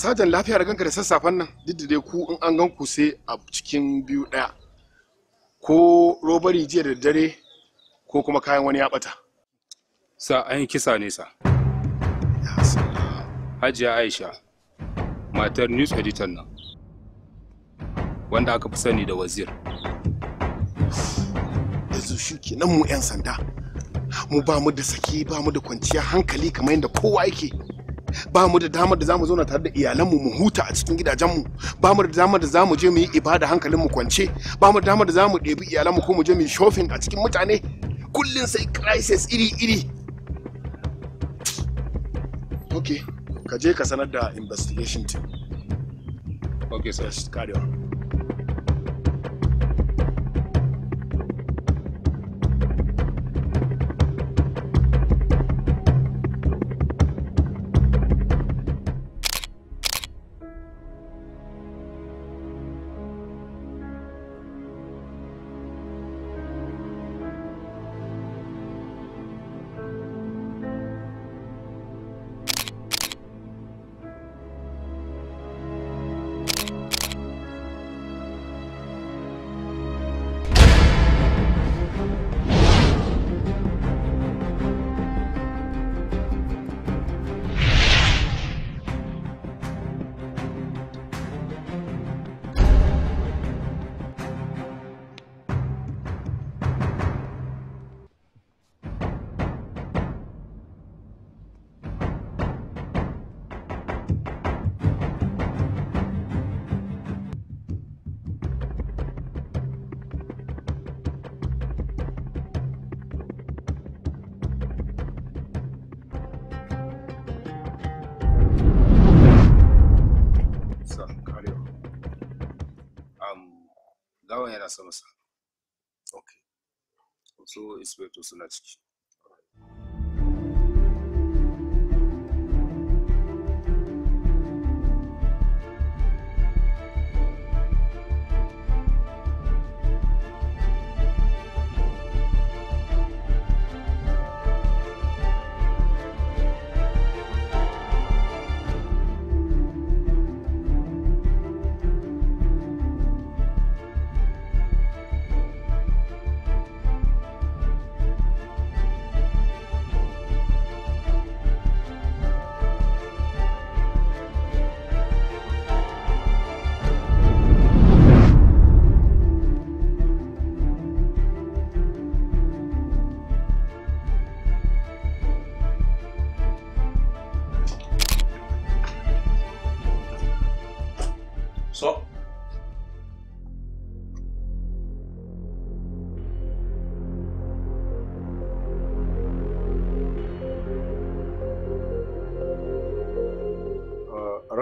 sajan lafiya da ganka da sassafen nan duk ku in an gan ku sai a cikin biyu ɗaya ko robari jiya da dare ko kuma kayan wani ya bata sa an yi kisa ne sa hajiya aisha matar news editor nan wanda aka fi sani da wazir yanzu shi kenan mu 'yan sanda mu ba mu da saki, ba mu da kwanciya hankali kamar yadda kowa yake ba mu da damar da zamu zauna tare da iyalan mu mu huta a cikin gidajenmu ba mu da damar da zamu je mu yi ibada hankalin mu kwance ba mu da damar da zamu ɗebi mu ko mu je mu yi shopping a cikin mutane kullum sai crisis iri iri okay ka je ka sanar da investigation team okay sir yana sama sa ok so to suna ciki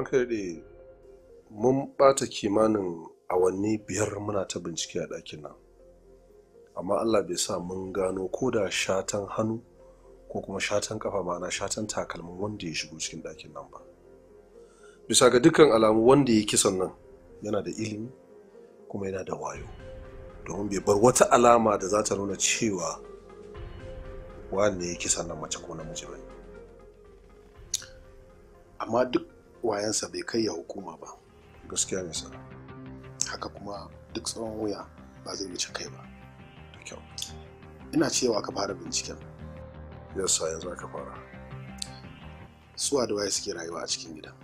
kaɗe mun ɓata kimanin awanni biyar muna ta bincike a ɗakin nan amma allah bai sa mun gano ko da shatan hannu ko kuma shatan kafa ma'ana shatan takalmin wanda ya shigo cikin ɗakin nan ba bisa ga dukkan alamu wanda ya kisan nan yana da ilimi kuma yana da wayo domin bai bar wata alama da za ta nuna cewa ne ya kisan nan mace ko namiji ba amma duk wayansa bai kai ya hukuma ba gaskiya ne sir haka kuma duk tsawon wuya ba zai wuce kai ba da kyau ina cewa ka fara binciken sa yanzu aka fara suwa da waye suke rayuwa a cikin gidan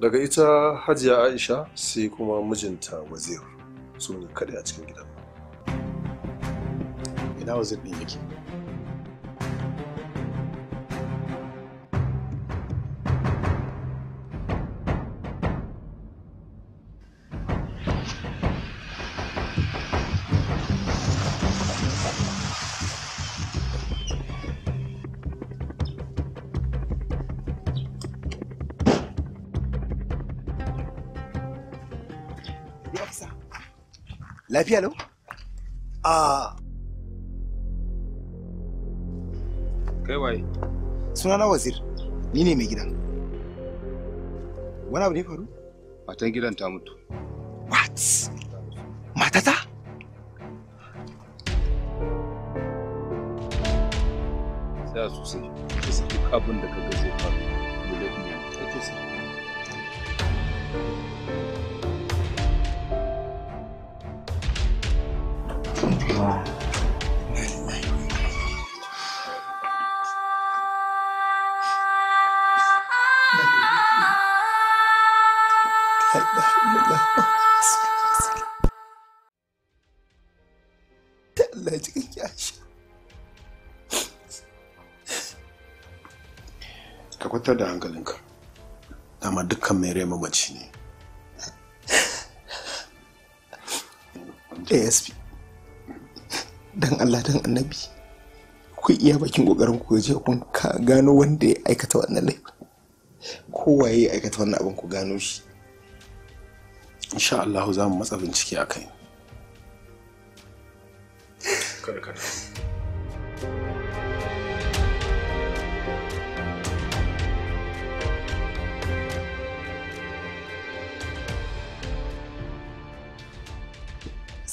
daga ita hajiya aisha sai kuma mijinta wazir sun ne kaɗai a cikin gidan ina wazir ɗin yake lafiya lau a kai waye na wazir ni ne mai gidan wani abu ne faru matan gidan ta mutu what matata tsaya sosai ka saki abin da ka ga zai faru da lafiya kake sai kwantar da hankalinka dama dukkan mai rai mamaci ne asp don allah don annabi ku iya bakin kokarin ku je kun ka gano wanda ya aikata wannan laifin kowaye ya aikata wannan abin ku gano shi insha Allah za mu matsa bincike a kai kada kada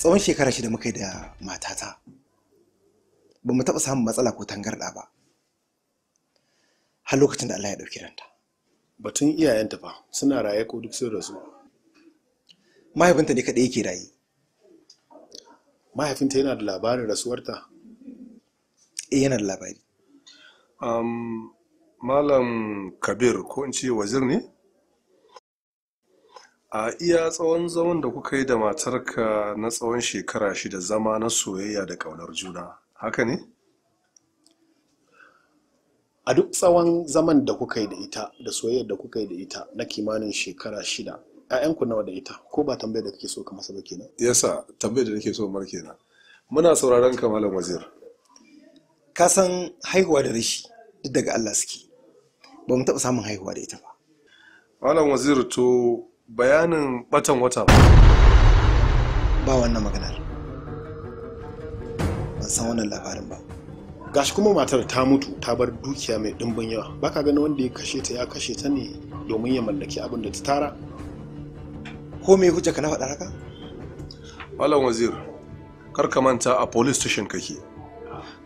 tsawon shekara shida muka yi da matata ba mu taɓa samun matsala ko tangarɗa ba har lokacin da Allah ya ɗauki ranta. Batun iyayenta ba, suna raye ko duk sun rasu. Mahaifinta ne kaɗai yake raye. Mahaifinta yana da labarin rasuwarta? Eh yana da labari. Malam Kabir ko in ce wazir ne? a iya tsawon zaman da kuka yi da matarka na tsawon shekara shida zama na soyayya da kaunar juna haka ne a duk tsawon zaman da kuka yi da ita da soyayyar da kuka yi da ita na kimanin shekara shida ku nawa da ita ko ba tambayar da kake so ka masa ba kenan yasa tambayar da nake so mar kenan muna sauraron ka malam wazir ka san haihuwa da rashi duk daga Allah suke ba mu taɓa samun haihuwa da ita ba malam wazir to bayanin batan wata ba wannan maganar ban san wannan labarin ba gashi kuma matar ta mutu ta bar dukiya mai dimbin yawa baka gani wanda ya kashe ta ya kashe ta ne domin ya mallaki abin da ta tara ko me hujja ka na faɗa haka malam wazir kar ka manta a police station kake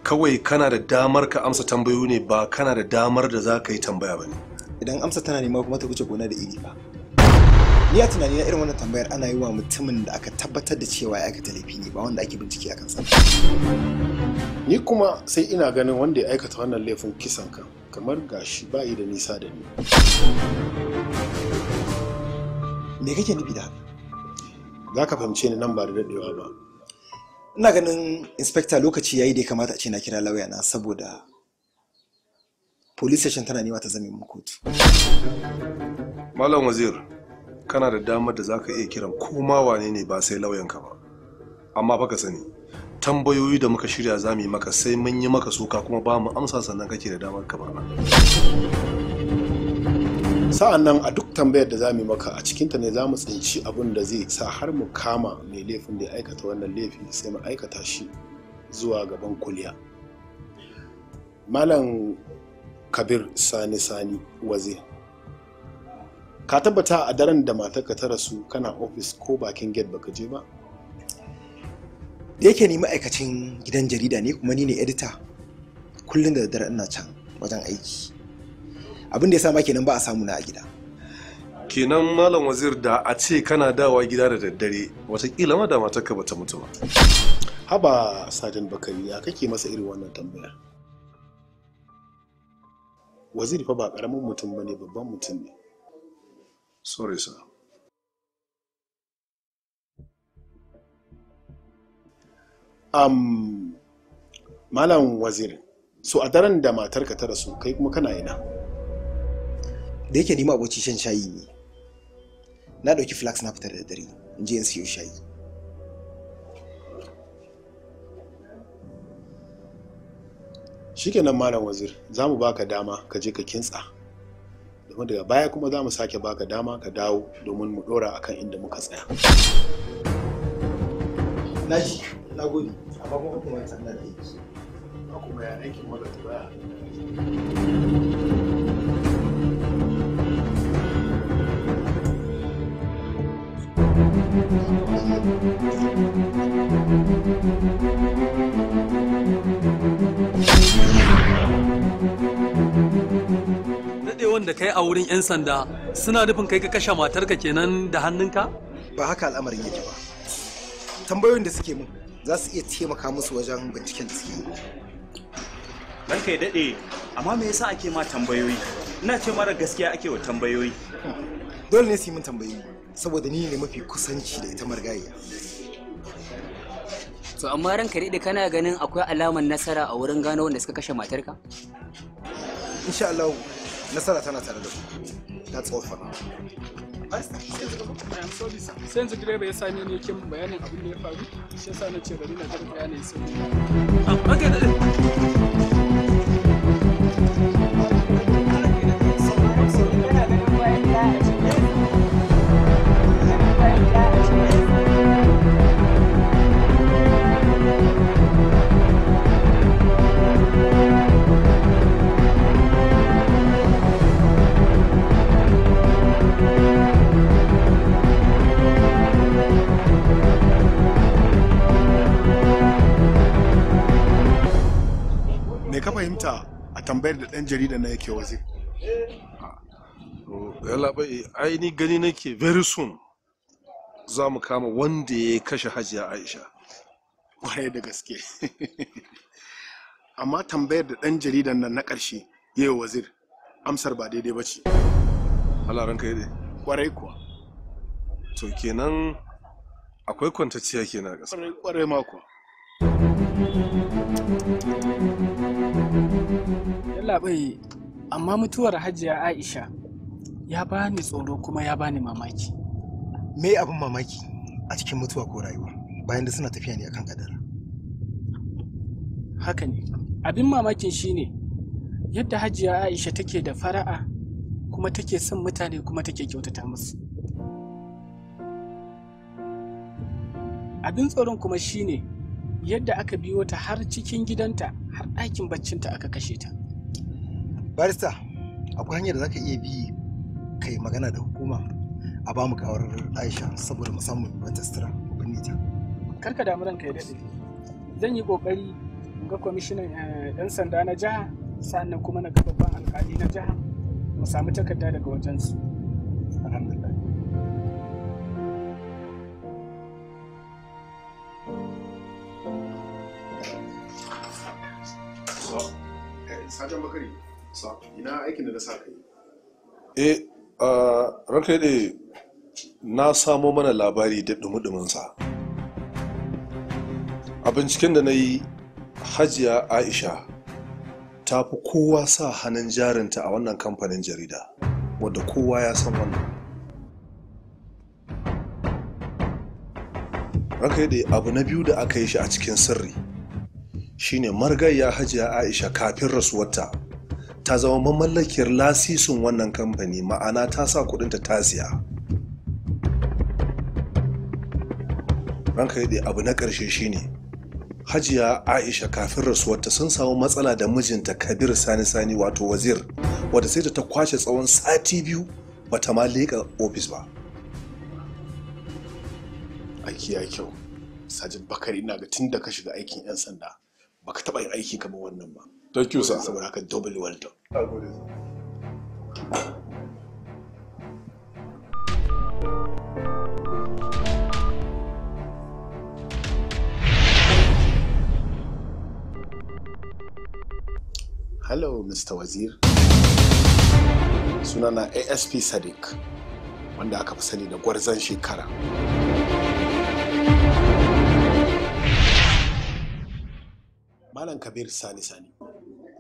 kawai kana da damar ka amsa tambayoyi ne ba kana da damar da za ka yi tambaya ba ne idan amsa tana nema kuma ta wuce gona da iri ba ni ya tunani na irin wannan tambayar ana yi wa mutumin da aka tabbatar da cewa ya aikata laifi ne ba wanda ake bincike akan sa ni kuma sai ina ganin wanda ya aikata wannan laifin kisan ka, kamar gashi yi da nisa da ni me kake nufi da haka za ka fahimce ni nan ba da dadewa ba ina ganin inspector lokaci yayi da ya kamata a ce na kira lauya na saboda police station tana nema ta zame mu kotu malam wazir kana da damar da za ka iya kiran koma ma wane ne ba sai lauyanka ba amma fa sani tambayoyi da muka shirya za mu yi maka sai mun yi maka suka kuma ba mu amsa sannan kake da damar ka bana sa'an nan a duk tambayar da za mu yi maka a cikinta ne za mu tsinci abun da zai sa har mu kama mai laifin da ya aikata wannan laifi sai mu aikata shi zuwa gaban kuliya malam kabir sani sani waze ka tabbata a daren da matarka ta rasu kana ofis ko bakin gate baka je ba da yake ni ma'aikacin gidan jarida ne kuma ni ne edita kullum da daddare ina can wajen aiki abin da ya sama kenan ba a samu na a gida kenan malam wazir da a ce kana dawa gida da daddare watakila ma da matarka ba ta mutu ba haba sajan bakari ya kake masa irin wannan tambaya wazir fa ba karamin mutum bane babban mutum ne Sorry sir. Um, Malam wazir, so a daren da matarka ta rasu kai kuma kana ina. Da yake nima aboci shan shayi ne. Na ɗauki flax na fitar da dare, in je in siyo shayi. Shikenan Malam wazir, za mu baka dama ka je ka kintsa. kuma daga baya kuma za mu sake baka dama ka dawo domin mu dora akan inda muka tsaya naji na gode amma kuma kuma ya tsanda da aiki ba kuma ya aikin mala ba Thank you. daɗewan da kai a wurin 'yan sanda suna nufin kai ka kashe matarka kenan da hannunka? Ba haka al'amarin yake ba. Tambayoyin da suke mun za su iya taimaka musu wajen binciken da suke yi. dan kai daɗe, amma me yasa ake ma tambayoyi? Ina ce mara gaskiya ake wa tambayoyi. Hmm. Dole ne su yi min tambayoyi, saboda ni ne mafi kusanci da ita marigayya. To amma ranka daɗe kana ganin akwai alamar nasara a wurin gano wanda suka kashe matarka? insha Allah nasara tana tare da ku that's all for now sai yanzu direba ya sami ne yake bayanin abin da ya faru shi yasa na ce bari na ga bayanin sai ah, fahimta a tambayar da ɗan jarida na yake waje ah. yalabai ai ni gani nake very soon za mu kama wanda ya kashe hajiya aisha Waye da gaske amma tambayar da ɗan jaridan nan na ƙarshe yi wazir amsar ba daidai ba ce halaran ka kwarai kuwa to kenan akwai kwantacciya kenan a ƙasa kwarai ma kuwa Yallaɓai, amma mutuwar hajiya Aisha ya bani tsoro kuma ya bani mamaki. Me abin mamaki a cikin mutuwa ko rayuwa bayan da suna tafiya ne akan kadara. Haka ne, abin mamakin shine yadda hajiya Aisha take da fara'a kuma take son mutane kuma take kyautata musu. Abin tsoron kuma shine yadda aka biyo ta har cikin gidanta. har ɗakin baccinta aka kashe ta barista akwai hanyar da za ka iya bi kai magana da hukuma a ba mu kawar aisha saboda musamman wata sutura binne ta karka damu ranka ya daɗe zan yi ƙoƙari in ga kwamishinan 'yan eh, sanda na jiha sa'annan kuma na ga babban alƙali na jiha mu samu takarda daga wajen wajensu Sajan Bakari, ina aikin da na sa yi Eh, ranka na samo mana labari da ɗumi sa A binciken da na yi Hajiya Aisha ta fi kowa sa hannun jarinta a wannan kamfanin jarida, wadda kowa ya san wannan. Ranka daɗe abu na biyu da aka yi shi a cikin sirri. shine margayya hajiya aisha kafin rasuwarta ta zama mamallakiyar lasisin wannan kamfani ma'ana ta sa kudinta ta siya ranka yadda abu na ƙarshe shine hajiya aisha kafin rasuwarta sun samu matsala da mijinta kabir sani sani wato wazir wadda sai da ta kwashe tsawon sati biyu bata ma leƙa ofis ba A ya kyau sajid bakari ina ga tun da ka shiga aikin 'yan sanda baka taɓa yin aiki kamar wannan ba thank you sir saboda haka double Hello, Mr. Wazir. Sunana ASP Sadiq, wanda aka fi sani da gwarzon shekara. Malam Kabir Sani Sani.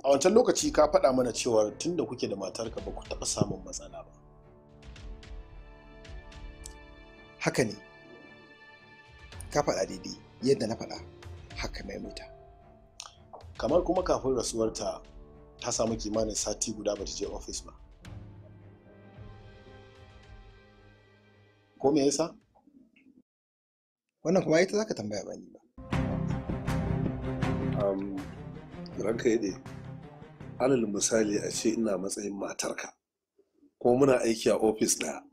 A wancan lokaci ka faɗa mana cewa tun da kuke da matarka ba ku taɓa samun matsala ba. Haka ne, ka faɗa daidai yadda na faɗa haka maimaita. Kamar kuma kafin rasuwarta ta samu kimanin sati guda ba ta je ofis ba. Ko me yasa? Wannan kuma ita za ka tambaya ba ba. Uhm, ranka yaɗe alal misali a ce ina matsayin matarka ko muna aiki a ofis ɗaya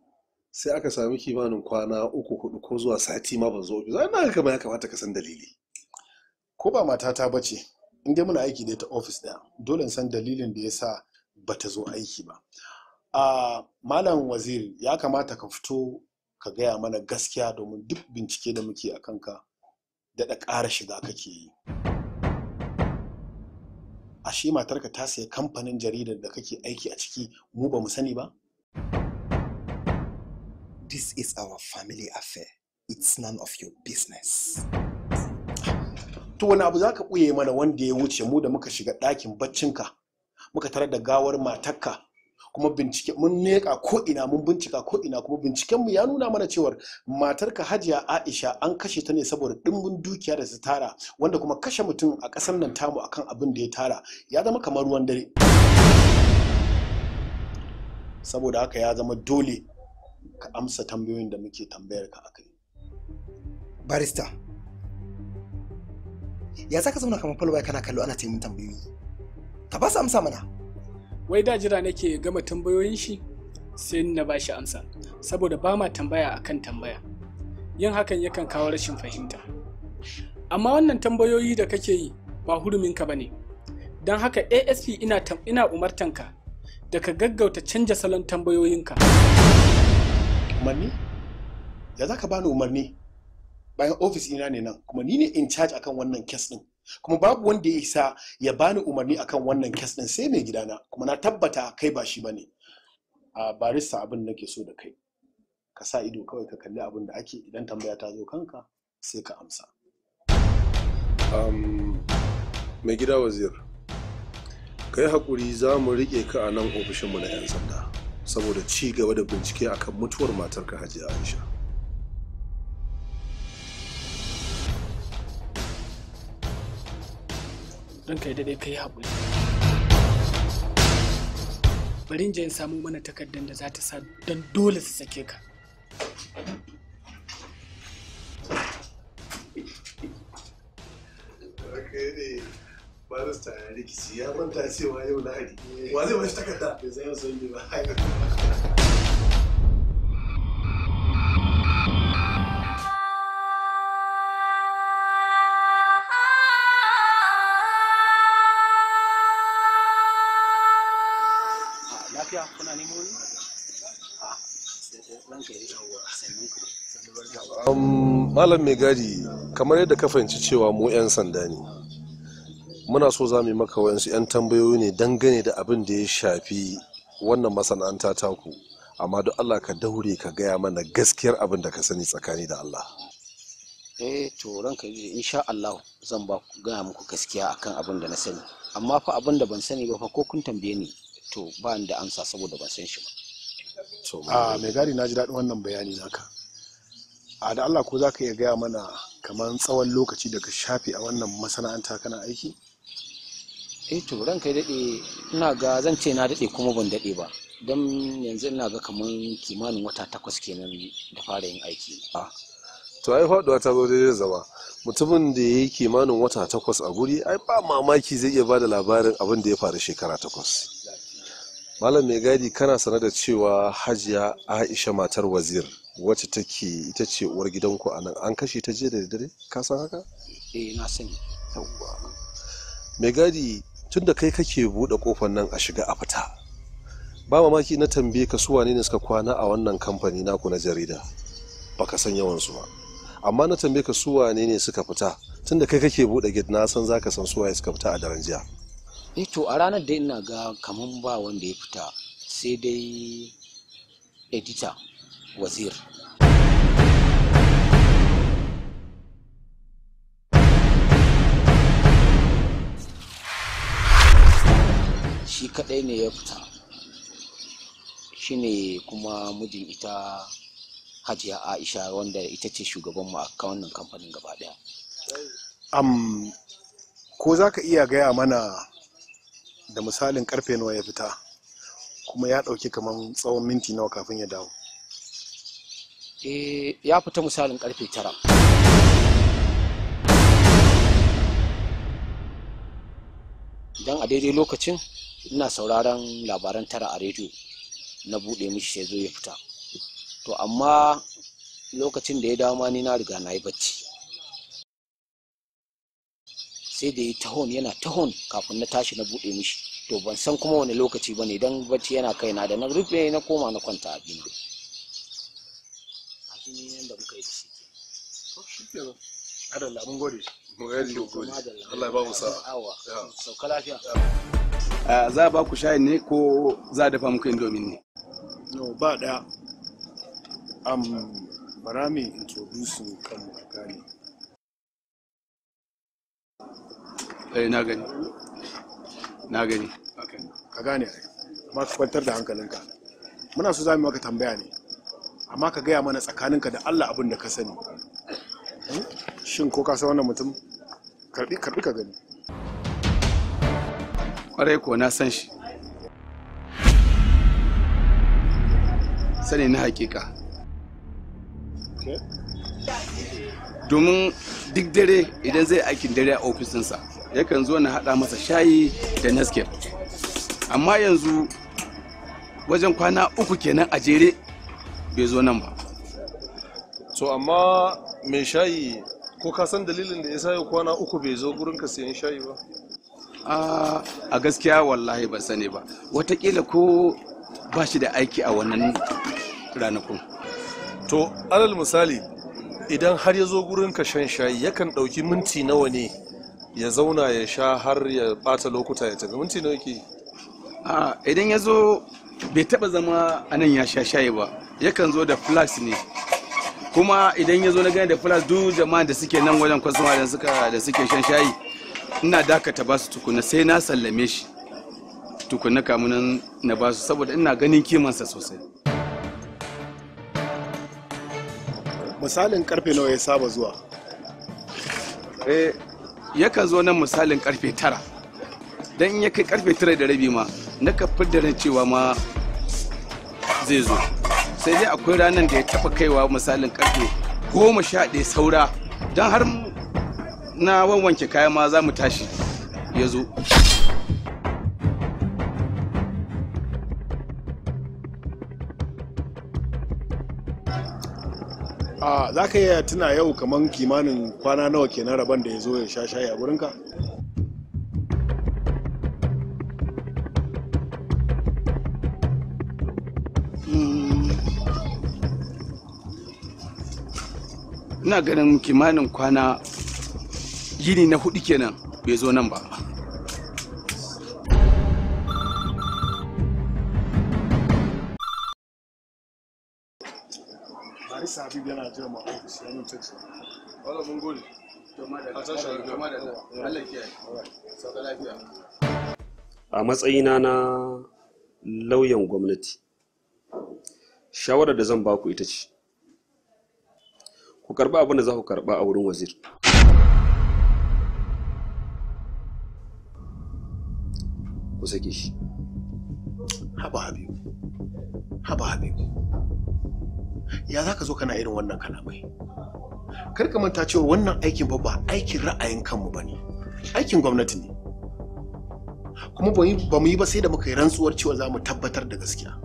sai aka sami kimanin kwana uku hudu ko zuwa sati ma ban zo ofis ai na ga ya kamata ka san dalili ko ba matata ba ce in dai muna aiki da ta ofis ɗaya dole san dalilin da ya sa ba ta zo aiki ba a ah, malam waziri ya kamata ka fito ka gaya mana gaskiya domin duk bincike da muke a kanka daɗa ƙara shiga kake yi. ashe matarka ta sayi kamfanin jaridar da kake aiki a ciki mu ba mu sani ba this is our family affair it's none of your business to wani abu zaka ɓuye mana wanda ya wuce mu da muka shiga ɗakin baccinka muka tare da gawar matarka kuma bincike mun neka ko ina mun bincika ko ina kuma bincikenmu ya nuna mana cewar matar ka hajiya aisha an kashe ta ne saboda dimbin dukiya da su tara wanda kuma kashe mutum a ƙasar nan tamu akan abin da ya tara ya zama kamar ruwan dare saboda haka ya zama dole ka amsa tambayoyin da muke tambayar ka akai barista ya za ka zauna kamar falwaya kana kallo ana taimakon tambayoyi ka ba su amsa mana wai da jira nake gama tambayoyin shi sai na ba shi amsa saboda ba ma tambaya akan tambaya yin hakan yakan kawo rashin fahimta amma wannan tambayoyi da kake yi ba huruminka ba ne don haka asp ina, ina umartanka da ka gaggauta canja salon tambayoyinka umarni ya za ka bani umarni bayan ofis ina ne nan kuma ni ne in charge akan wannan kes din kuma babu wanda ya isa ya bani umarni akan wannan kes din sai mai gidana kuma na tabbata kai ba shi bane a barista abin nake so da kai ka sa ido kawai ka kalli abin da ake idan tambaya ta zo kanka sai ka amsa um, mai gida wazir kai hakuri za mu riƙe ka a nan ofishinmu na 'yan sanda saboda ci gaba da bincike akan mutuwar matarka hajiya aisha ranka ya daɗe kai haƙuri bari in barin in samun mana takardar da za ta sa don dole su sake ka barista ya rikici ya manta cewa yau lahadi wa zai wani takarda bai san yau sun ba malam mai gadi kamar yadda ka fahimci cewa mu 'yan sanda ne muna so za mu maka wayansu 'yan tambayoyi ne dangane da abin da ya shafi wannan masana'anta taku amma duk allah ka daure ka gaya mana gaskiyar abin da ka sani tsakani da allah eh to ka yi insha allah zan ba ku gaya muku gaskiya akan abin da na sani amma fa abin da ban sani ba fa ko kun tambaye ni to ba ni da amsa saboda ban san shi ba a ah, mai gari na ji daɗin wannan bayani naka a ah, da Allah ko za ka iya gaya mana kamar tsawon lokaci da ka shafi a wannan masana'anta kana aiki eh to ran kai daɗe ina ga zan ce na daɗe kuma ban daɗe ba don yanzu ina ga kamar kimanin wata takwas kenan da fara yin aiki ah, to ai faɗuwa ta zo daidai zama mutumin da ya yi kimanin wata takwas a guri ai ba mamaki zai iya ba da labarin abin da ya fara shekara takwas malam mai gadi kana sane da cewa hajiya aisha matar wazir wacce take ita ce uwar gidanku a nan an kashe ta jiya da dare ka san haka eh na sani yawwa mai gadi tun da kai kake buɗe kofar nan a shiga a fita ba mamaki na tambaye ka su wane ne suka kwana a wannan kamfani naku na jarida baka san yawan su ba amma na tambaye ka su wane ne suka fita tun da kai kake buɗe gid na san zaka san su waye suka fita a daren jiya eh to a ranar da ina ga kaman ba wanda ya fita sai dai edita wazir shi kadai ne ya fita shine kuma mijin ita hajiya aisha wanda ita ce shugabanmu a wannan kamfanin gaba daya ko za ka iya gaya mana da misalin karfe nawa ya fita kuma ya ɗauki kamar tsawon minti nawa kafin ya dawo eh ya fita misalin karfe tara don a daidai lokacin ina sauraron labaran tara a rediyo na bude mishi ya zo ya fita to amma lokacin da ya dawo ma ni na riga na yi bacci sai da yi tahon yana tahon kafin na tashi na bude mishi to ban san kuma wani lokaci ba ne don bacci yana kaina da na rufe na koma na kwanta a bindo a cikin muka yi da shi adalla mun gode Allah ya ba mu sauka lafiya za a ba ku shayi ne ko za a dafa muku indomin ne no ba daya am barami introduce kan a gane eh na gani na gani ka gane ba ka kwantar da hankalinka muna so za mu maka tambaya ne amma ka gaya mana tsakaninka da Allah abin da ka sani hmm? shin ko ka san wannan mutum karbi karbi ka gani kwarai ko na san shi sani na hakika domin duk dare idan zai aikin dare a ofisinsa yakan zo na haɗa masa shayi da naskir amma yanzu wajen kwana uku kenan a jere bai zo nan ba so amma mai shayi ko ka san dalilin da ya sa kwana uku bai zo gurin ka sayan shayi ba a gaskiya wallahi ban sani ba watakila ko ba shi da aiki a wannan ranakun to alal misali idan har ya zo gurin shan shayi yakan ɗauki minti nawa ne ya zauna ya sha har ya bata lokuta ya tafi minti nawa yake a idan ya zo bai taba zama a nan ya sha shayi ba yakan zo da flax ne kuma idan ya zo na gani da flax duk jama'a da suke nan wajen kwasama da suka da suke shan shayi ina dakata ba su tukuna sai na sallame shi tukuna kamunan na ba su saboda ina ganin kimansa sosai misalin karfe nawa ya saba zuwa eh yakan zo nan misalin karfe tara don in ya kai karfe tara da rabi ma na kafin da ran cewa ma zai zo sai dai akwai ranar da ya taɓa kaiwa misalin karfe goma sha ɗaya saura don har na wanwanke kaya ma za mu tashi ya zo a za ka iya tuna yau kamar kimanin kwana nawa kenan rabon da ya zo ya sha shayi a gurinka ina ganin kimanin kwana gini na hudu kenan bai zo nan ba a a matsayina na lauyan gwamnati shawarar da zan ba ku ita ce ku karba abin da za ku karba a wurin wazir ku sake shi haba habibu haba habibu ya za ka zo kana irin wannan kalamai kar ka manta cewa wannan aikin ba ba aikin ra'ayin kanmu ba ne aikin gwamnati ne kuma ba mu yi ba sai da muka yi rantsuwar cewa za mu tabbatar da gaskiya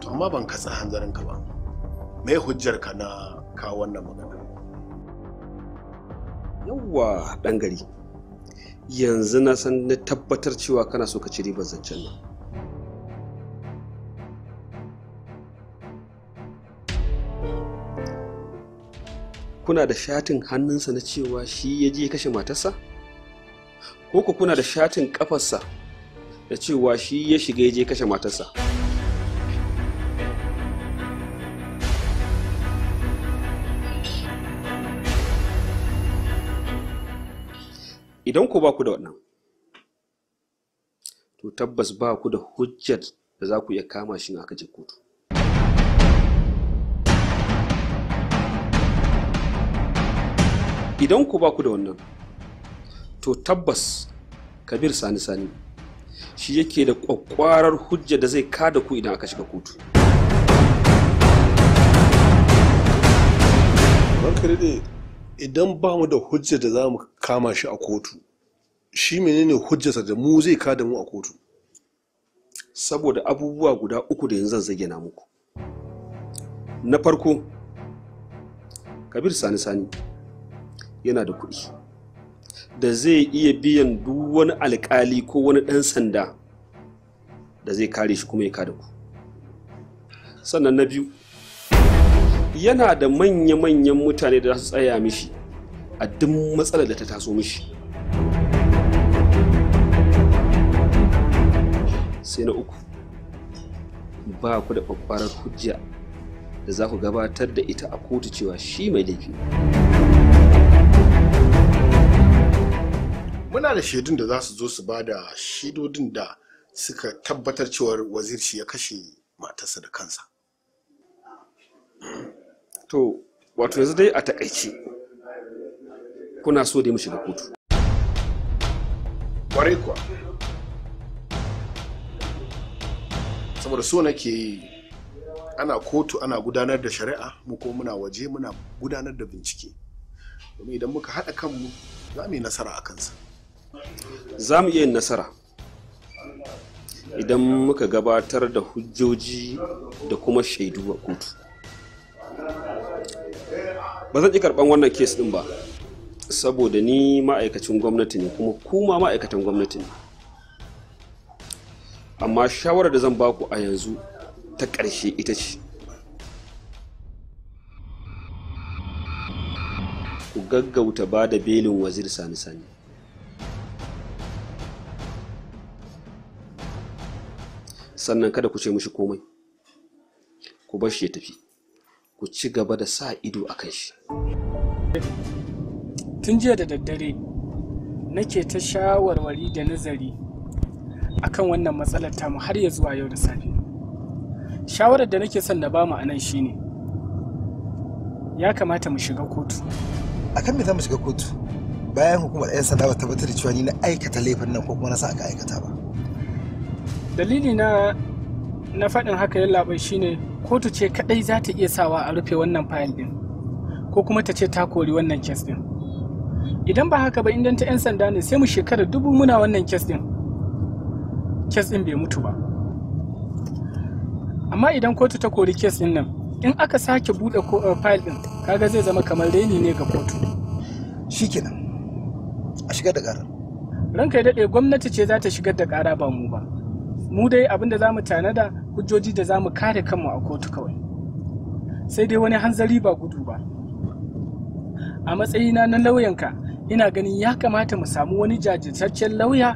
to amma ban katsa hanzarin ka ba me hujjar ka na kawo wannan magana yawwa dan gari yanzu na san na tabbatar cewa kana so ka ci ribar zancen nan kuna da shatin hannunsa na cewa shi ya je kashe matarsa ko ku kuna da shatin kafarsa da cewa shi ya shiga ya je kashe matarsa idan ku ba ku da wannan to tabbas ba ku da hujjar da za ku iya kama shi na aka je kotu idan ku ba ku da wannan to tabbas kabir sani sani shi yake da kwakwarar hujja da zai kada ku idan aka shiga kotu idan ba mu da hujja da za mu kama shi a kotu shi menene hujjarsa da mu zai kada mu a kotu saboda abubuwa guda uku da yanzu zayyana muku na farko kabir sani sani yana da kuɗi da zai iya biyan duk wani alkali ko wani ɗan sanda da zai kare shi kuma ya kada ku sannan na biyu yana da manya-manyan mutane da za su tsaya mishi a duk matsalar da ta taso mishi sai na uku ba ku da babbar hujja da za ku gabatar da ita a kotu cewa shi mai laifi muna da shaidun da za su zo su ba da shaidodin da suka tabbatar cewar wazir shi ya kashe matarsa da kansa to wato yanzu dai a takaice kuna so dai mu shiga kotu kwarai kuwa saboda so nake yi ana kotu ana gudanar da shari'a mu ko muna waje muna gudanar da bincike domin idan muka haɗa kanmu za mu yi nasara a kansa. za mu iya yin nasara idan muka gabatar da hujjoji da kuma shaidu a kotu ba zan ƙi wannan kes ɗin ba saboda ni ma'aikacin gwamnati ne kuma kuma ma'aikatan gwamnati ne amma shawarar da zan baku a yanzu ta ƙarshe ita ce ku gaggauta ba da belin wazir sani-sani sannan kada ku ce mushi komai ku bar shi ya tafi ku ci gaba da sa ido a kan shi tun jiya da daddare nake ta shawarwari da nazari akan wannan matsalar tamu har ya zuwa yau da safe shawarar da nake son na ba mu anan shine ya kamata mu shiga kotu akan me za mu shiga kotu bayan hukumar 'yan sanda ba tabbatar da cewa ni na aikata laifin nan ko kuma na sa aka aikata ba dalili na na faɗin haka yallaɓai shine kotu ce kaɗai za ta iya sawa a rufe wannan fayil ɗin ko kuma ta ce ta kori wannan kes ɗin idan ba haka ba idan ta 'yan sanda ne sai mu shekara dubu muna wannan kes ɗin kes ɗin bai mutu ba amma idan kotu ta kori kes ɗin nan in aka sake buɗe eh, fayil ɗin kaga zai zama kamar reni ne ga kotu shikenan a shigar da ranka ya daɗe gwamnati ce za ta shigar da ƙara ba mu ba mu dai abin da za mu tanada hujjoji da za mu kare kanmu a kotu kawai sai dai wani hanzari ba gudu ba a matsayina na lauyanka ina ganin ya kamata mu samu wani jajirtaccen lauya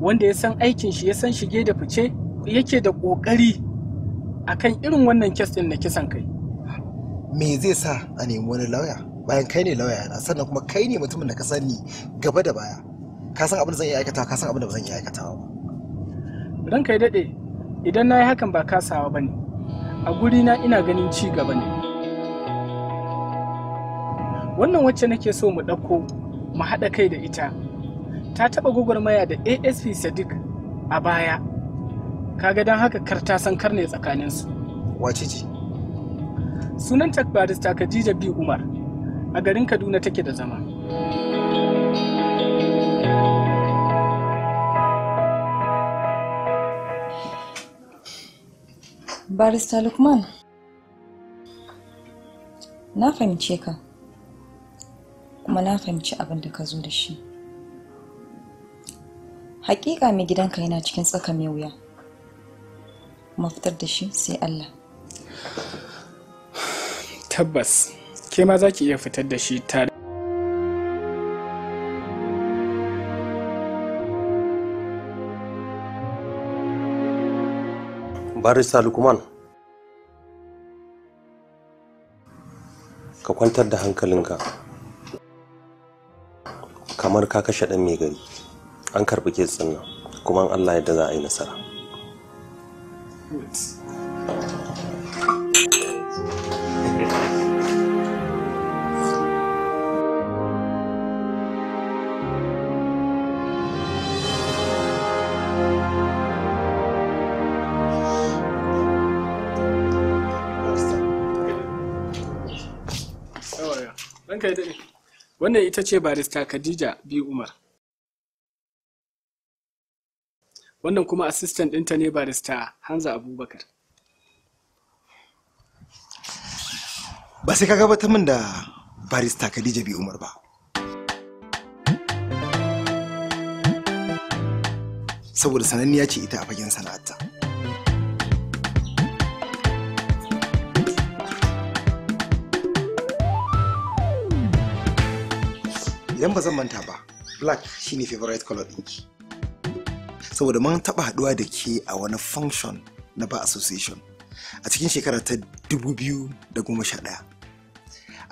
wanda ya san aikin shi ya san shige da fice yake da ƙoƙari kan irin wannan kes ɗin na kisan kai me zai sa a nemi wani lauya bayan kai ne lauya na sannan kuma kai ne mutumin da ka sani gaba da baya ka san abin da zan iya aikatawa ka san abin da ba zan iya aikatawa ba ranka kai daɗe idan na yi hakan ba kasawa ba ne a na ina ganin ci gaba ne wannan wacce nake so mu ɗauko mu haɗa kai da ita ta taɓa gwagwarmaya da asp sadiq a baya kaga don haka karta san karne tsakaninsu wace ji? sunan takbarista khadija bi umar a garin kaduna take da zama barista lukman na fahimce ka kuma na fahimci abin da ka zo da shi hakika mai gidanka yana cikin tsaka mai wuya fitar da shi sai allah tabbas ke ma za ki iya fitar da shi tare barista lukuman ka kwantar da hankalinka kamar ka kashe ɗan mai gari an karbi kitsin nan kuma an allah yadda za a yi nasara wannan ita ce barista Kadija bi umar wannan kuma assistant ɗinta ne barista hanza abubakar ba sai ka gabatar min da barista khadija b umar ba saboda sananniya ce ita a fagen sana'arta idan ba zan manta ba black shine favorite color ki saboda mun taɓa haɗuwa da ke a wani function na bar association a cikin shekara ta 2011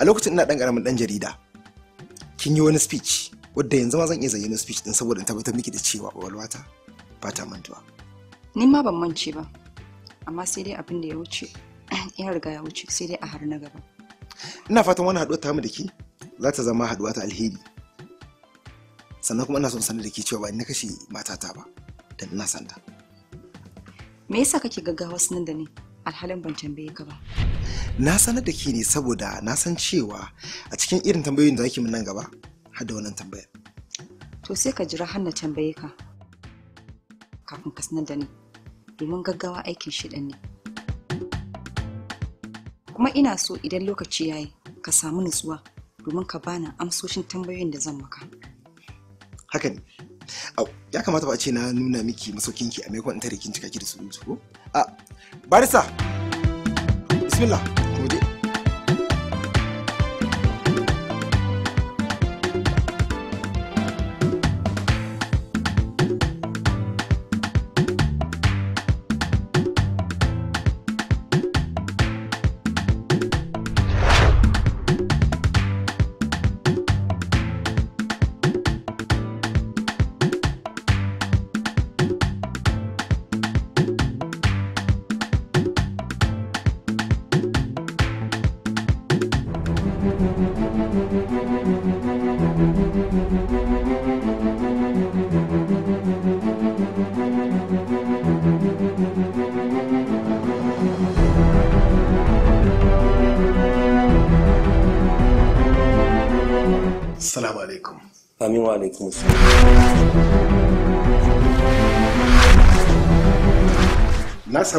a lokacin ina ɗan ƙaramin ɗan jarida kin yi wani speech wadda yanzu ma zan iya zayyana speech din saboda in tabbatar miki da cewa walwata ba ta mantuwa ni ma ban mance ba amma sai dai abin da ya wuce ya riga ya wuce sai dai a har na gaba ina fatan wani haɗuwa ta mu da ke za ta zama haɗuwa ta alheri sannan kuma ina son sanar da ke cewa ba ni na kashe matata ba da ina sanda. me yasa kake gaggawa sanar da ni alhalin ban tambaye ka ba na sanar da ke ne saboda na san cewa a cikin irin tambayoyin da ake min nan gaba har da wannan tambayar to sai ka jira har na tambaye ka kafin ka sanar da ni domin gaggawa aikin shi ne kuma ina so idan lokaci ya yi, ka samu nutsuwa domin ka bani amsoshin tambayoyin da zan maka haka ne ya kamata ba a ce na nuna miki masaukin ki a maimakon in tare kin cika ki da su ko a barisa bismillah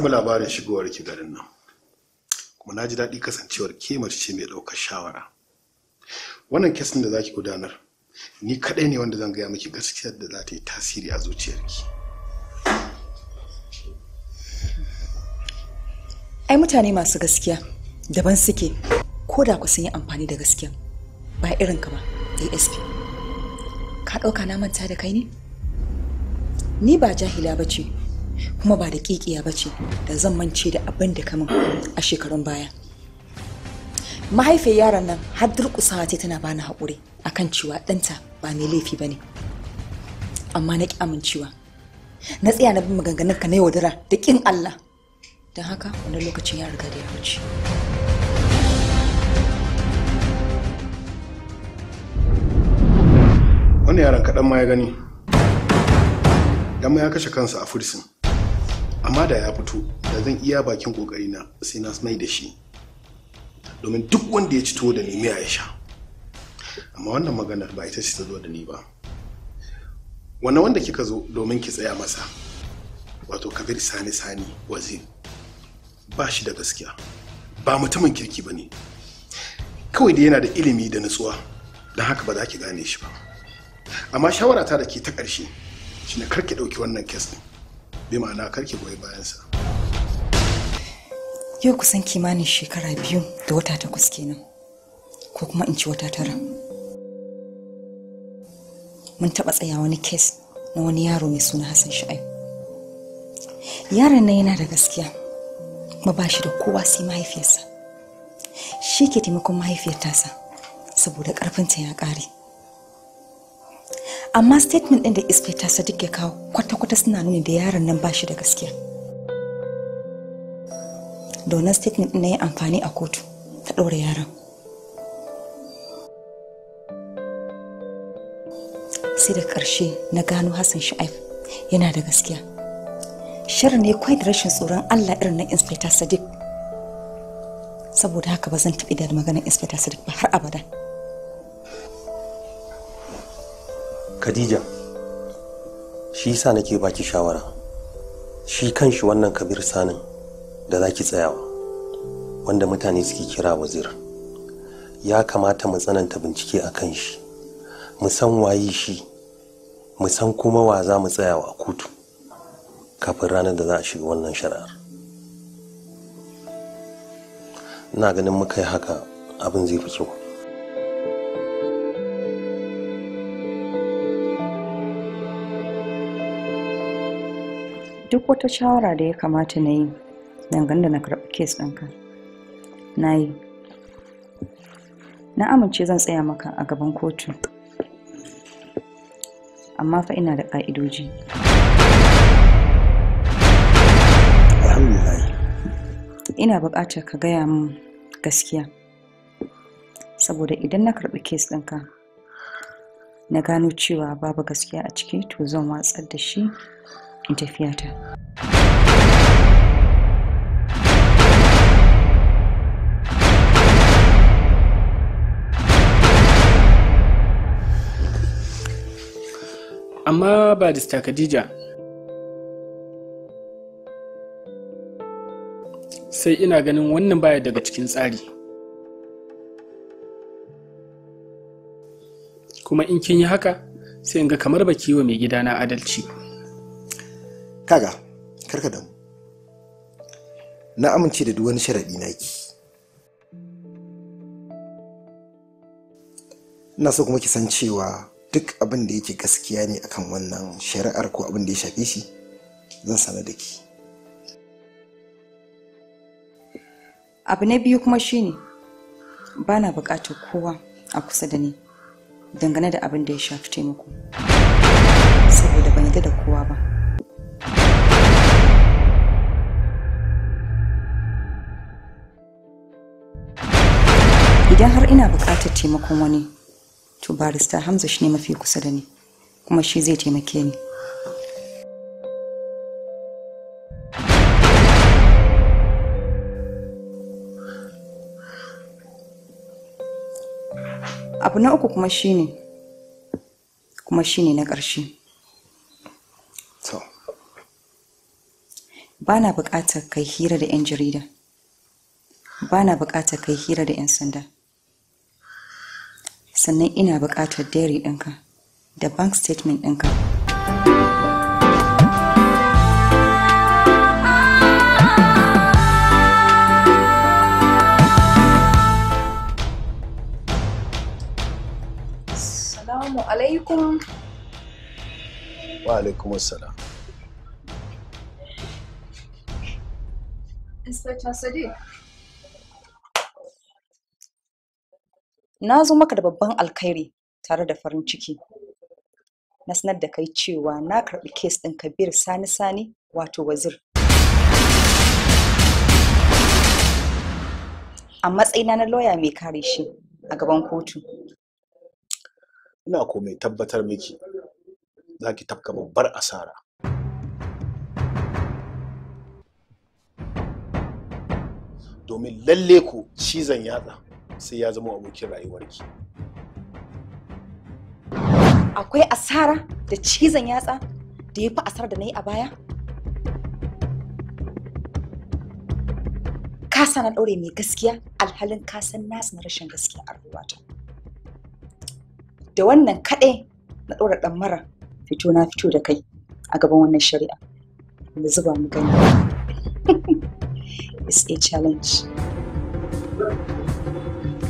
samu labarin shigowar ki garin nan kuma na ji daɗi kasancewar ke mace ce mai ɗaukar shawara wannan kesin da za ki gudanar ni kaɗai ne wanda zan gaya miki gaskiyar da za ta yi tasiri a zuciyarki ai mutane masu gaskiya daban suke ko da ku sun yi amfani da gaskiya ba irin ka ba asp ka ɗauka na manta da kai ne ni ba jahila ba ce kuma ba da kikiya ba ce da zan mance da abin da kamun a shekarun baya mahaifiyar yaron nan har durƙusawa ta tana bani haƙuri akan cewa ɗanta ba mai laifi ba ne amma na ƙi amincewa na tsaya na bin maganganun ka na dara da ƙin Allah don haka wani lokacin ya riga da ya wuce wani yaron kaɗan ma ya gani dama ya kashe kansa a fursin amma da ya fito da zan iya bakin kokari na sai na mai da shi domin duk wanda ya ci tuwo da ni ya sha amma wannan magana ba ita ce ta zo da ni ba wannan wanda kika zo domin ki tsaya masa wato kabir sani sani wazir ba shi da gaskiya ba mutumin kirki ba ne kawai da yana da ilimi da nutsuwa don haka ba za ki gane shi ba amma shawara ta da ke ta ƙarshe shine kar ki ɗauki wannan kes bi ma'ana karki goyi bayansa yau kusan kimanin shekara biyu da wata takwas kenan ko kuma in ci wata tara mun taba tsaya wani kes na wani yaro mai suna hassan sha'ib yaron nan yana da gaskiya kuma ba shi da kowa sai mahaifiyarsa shi ke taimakon mahaifiyar tasa saboda karfinta ya kare. amma statement ɗin da inspector sadiq ya kawo kwata-kwata suna nuni da yaron nan ba shi da gaskiya donan statement ɗin na yi amfani a kotu ta ɗora yaron sai da ƙarshe na gano hassan sha'if yana da gaskiya shirin ne kwai da rashin tsoron allah irin na inspector sadiq saboda haka ba zan taɓi da maganar inspector sadiq ba har abada. Khadija shi yasa nake baki shawara shi kanshi wannan kabir sanin da zaki tsayawa wanda mutane suke kira wazir ya kamata mu tsananta bincike a kan shi mu san waye shi mu san kuma wa za mu tsayawa a kotu kafin ranar da za a shiga wannan shari'ar na ganin muka yi haka abin zai fi kyau duk wata shawara da ya kamata na yi dangane da na karɓi kes ɗinka na yi na amince zan tsaya maka a gaban kotu amma fa ina da ƙa'idoji ina buƙatar ka gaya min gaskiya saboda idan na karɓi kes ɗinka na gano cewa babu gaskiya a ciki to zan watsar da shi in tafiyata. Amma ba dista Khadija sai ina ganin wannan baya daga cikin tsari. Kuma in kin yi haka sai in ga kamar baki wa mai gidana adalci. kaga karka damu na amince da duk wani sharaɗi naki ina so kuma ki san cewa duk abin da yake gaskiya ne akan wannan shari'ar ko abin da ya shafe shi zan sanar da ki abu na biyu kuma shine ba na buƙatar kowa a kusa da ni dangane da abin da ya shafi taimako saboda ban yarda da kowa ba idan har ina buƙatar taimakon wani to barista hamza shi ne mafi kusa da ni kuma shi zai taimake ni abu na uku kuma ne kuma ne na ƙarshe ba na buƙatar kai hira da 'yan jarida ba na buƙatar kai hira da 'yan sanda sannan ina buƙatar dairy ɗinka da bank statement ɗinka. Salamu alaikum. Wa alaikum assalam. Inspector Sadiq. na zo maka da babban alkhairi tare da farin ciki na sanar da kai cewa na karɓi kes ɗin kabir sani sani wato wazir a matsayina na lauya mai kare shi a gaban kotu ina ko mai tabbatar miki za ki tafka babbar asara domin lalle ku cizon yatsa sai ya zama abokin rayuwarki akwai asara da cizon yatsa da ya fi asar da na yi a baya kasa na ɗaure mai gaskiya alhalin kasan nasu na rashin gaskiya a rayuwata da wannan kaɗai na ɗaura mara fito na fito da kai a gaban wannan shari'a da zuba mu gani it's a challenge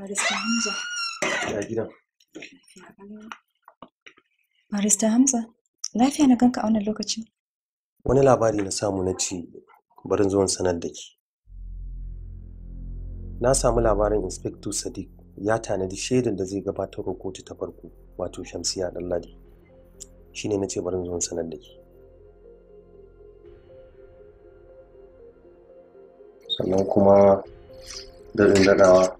Barista Hamza. Ya gidan. Barista Hamza, lafiya na ganka a wannan lokacin? Wani labari na samu na ci barin zuwan sanar da ki. Na samu labarin Inspector Sadiq ya tanadi shaidan da zai gabatar wa kotu ta farko wato Shamsiya Ɗanladi. Shi ne na ce barin zuwan sanar da ki. Sannan kuma da daɗawa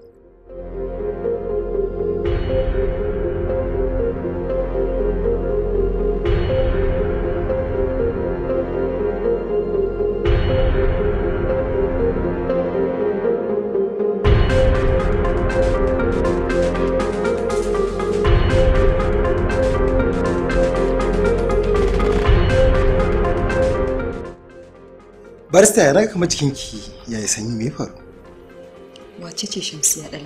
barista ya raka kamar ki ya yi sanyi mai faru wace ce shamsiya ɗan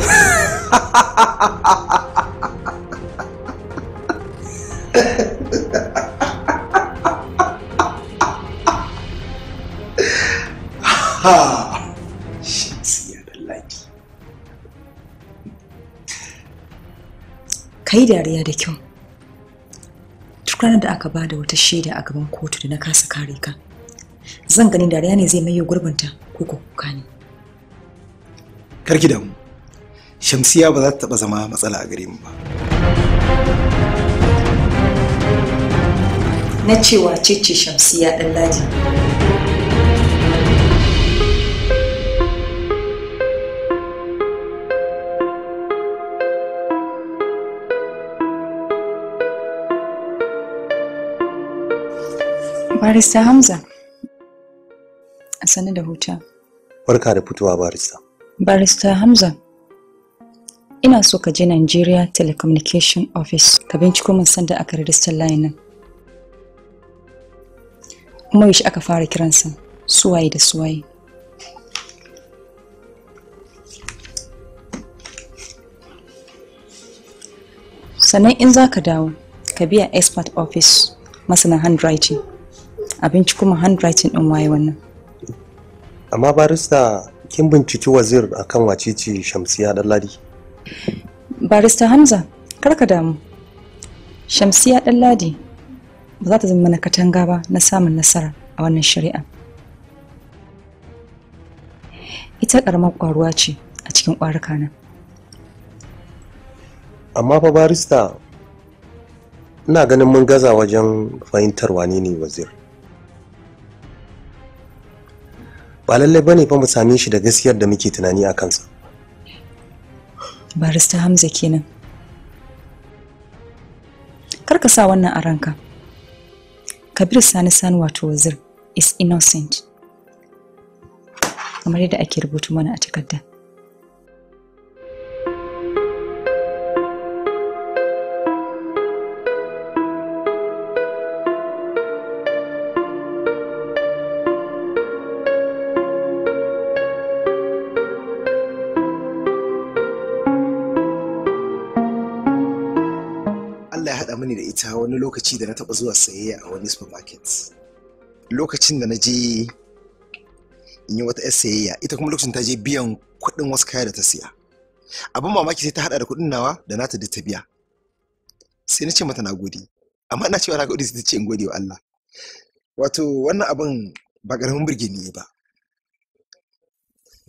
ha Ha! ka dariya da kyau duk ranar da aka bada wata shaida a gaban kotu da na kasa kare ka zan gani dariya ne zai maye gurbinta ko kuka ne karki damu shamsiya ba za ta taba zama matsala a gare mu ba na cewa cece shamsiya dan laji Barista Hamza. A sani da huta. Barka da fitowa barista. Barista Hamza. Ina so ka je Nigeria Telecommunication Office ka binciko min sanda aka rijistar layin nan. Mawish aka fara kiransa suwaye da suwaye. Sannan in za ka dawo, ka biya expert office masana handwriting. abinci kuma handwriting din waye wannan amma barista kin binciki wazir akan wacici shamsiya ɗanladi barista hamza karka damu shamsiya Ladi ba za ta zama mana katanga ba na samun nasara a wannan shari'a ita karamar kwaruwa ce a cikin kwaruka na amma fa barista ina ganin mun gaza wajen fahimtar wani ne wazir ba lallai bane fa mu same shi da gaskiyar da muke tunani a kansa barista hamza kenan kar ka sa wannan a ranka kabir sani sani wato wazir is innocent kamar yadda ake rubutu mana a takarda wani lokaci da na taɓa zuwa sayayya a wani supermarket lokacin da na je in yi wata sayayya ita kuma lokacin ta je biyan kuɗin wasu kaya da ta siya abin mamaki sai ta hada da kudin nawa da nata da ta biya sai na ce mata na gode amma ina cewa na gode sai ta ce in gode wa Allah wato wannan abin ba ƙaramin birge ne ba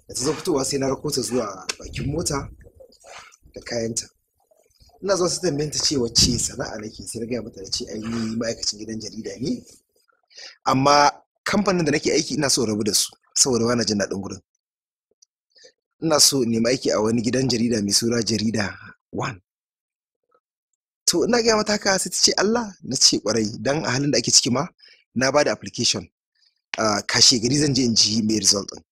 da ta zo fitowa sai na rakota zuwa bakin mota da kayanta ina zuwa su tambayin ta cewa ce sana'a nake sai na gaya mata da ce ai ni ma'aikacin gidan jarida ne amma kamfanin da nake aiki ina so rabu da su saboda wani jin daɗin gurin ina so in aiki a wani gidan jarida mai sura jarida one to ina gaya mata haka sai ta ce Allah na ce kwarai dan a halin da ake ciki ma na bada application kashe gari zan je in ji mai result din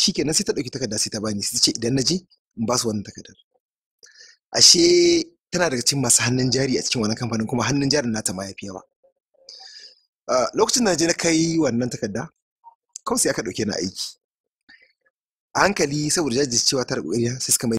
shikenan sai ta dauki takarda sai ta bani sai ta ce idan na je in ba su wannan takardar ashe tana daga cikin masu hannun jari a cikin wannan kamfanin kuma hannun jarin nata ma yafi yawa lokacin da je na kai wannan takarda kawai sai aka ɗauke na aiki a hankali saboda jajircewa ta da ƙoƙari sai suka